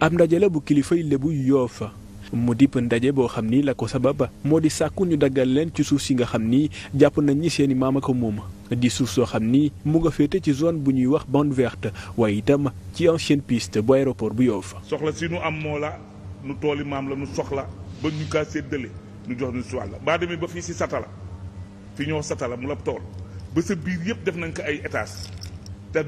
ab ndaje la bu kilifay lébu Yoof mu dipp ndaje boo xam ni la ko sabab moo di sàkku ñu daggal leen ci suuf si nga xam ni jàpp nañ ni seeni maam ako moom di suuf soo xam ni mu nga féete ci zone bu ñuy wax bande verte waaye itam ci ancienne piste bu aéroport bu Yoof soxla si nu am moo la nu tooli maam la nu soxla ba ñu kaa séddale nu jox nu si wàll baa demee ba fii si satala fi ñoo satala mu la tool ba sa biir yëpp def nañ ko ay étage te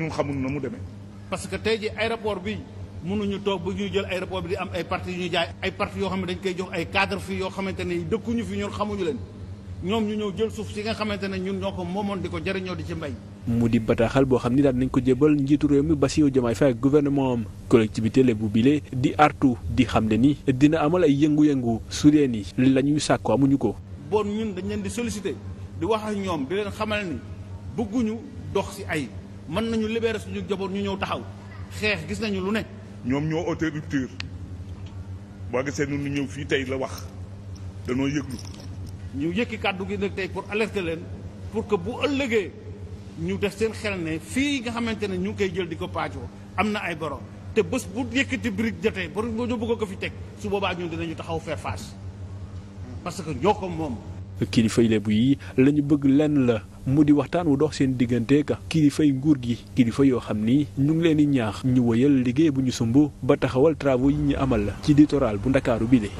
mënuñu toog ba ñu jël ay aéroport bi di am ay parti yu ñu jaay ay parti yoo xam ne dañ koy jox ay cadre fii yoo xamante ne dëkkuñu fi ñun xamuñu leen ñoom ñu ñëw jël suuf si nga xamante ne ñun ñoo ko moomoon di ko jëriñoo di ci mbay mu di bataaxal boo xam ni daal nañ ko jébal njiitu réew mi Bassirou Diomaye Faye ak gouvernement am collectivité lébu bile di artu di xam ne ni dina amal ay yëngu-yëngu su dee ni la ñuy sàkku amuñu ko bon ñun dañu leen di sollicité di wax ak ñoom di leen xamal ni bëgguñu dox si ay mën nañu libéré suñu jaboot ñu ñëw taxaw xeex gis nañu lu ne ñoom ñoo oote rupture boo gisee ñun ñu ñëw fii tey la wax danoo yëglu ñu yëkki kàddu gi nag tey pour alerter leen pour que bu ëllëgee ñu def seen xel ne fii nga xamante ne ñu ngi koy jël di ko paajoo am na ay borom te bés bu yëkkati brique jotee pour ñu bëgg ko fi teg su boobaa ñun dinañu taxaw faire face parce que ñoo ko moom. kilifa lebu yi la ñu bëgg lenn la mu di waxtaan wu dox seen diggante ka kilifay nguur gi kilifa yoo xam ni ñu ngi leen di ñaax ñu wëyal liggéey bu ñu sumb ba taxawal travaux yi ñu amal la ci littoral bu ndakaaru bi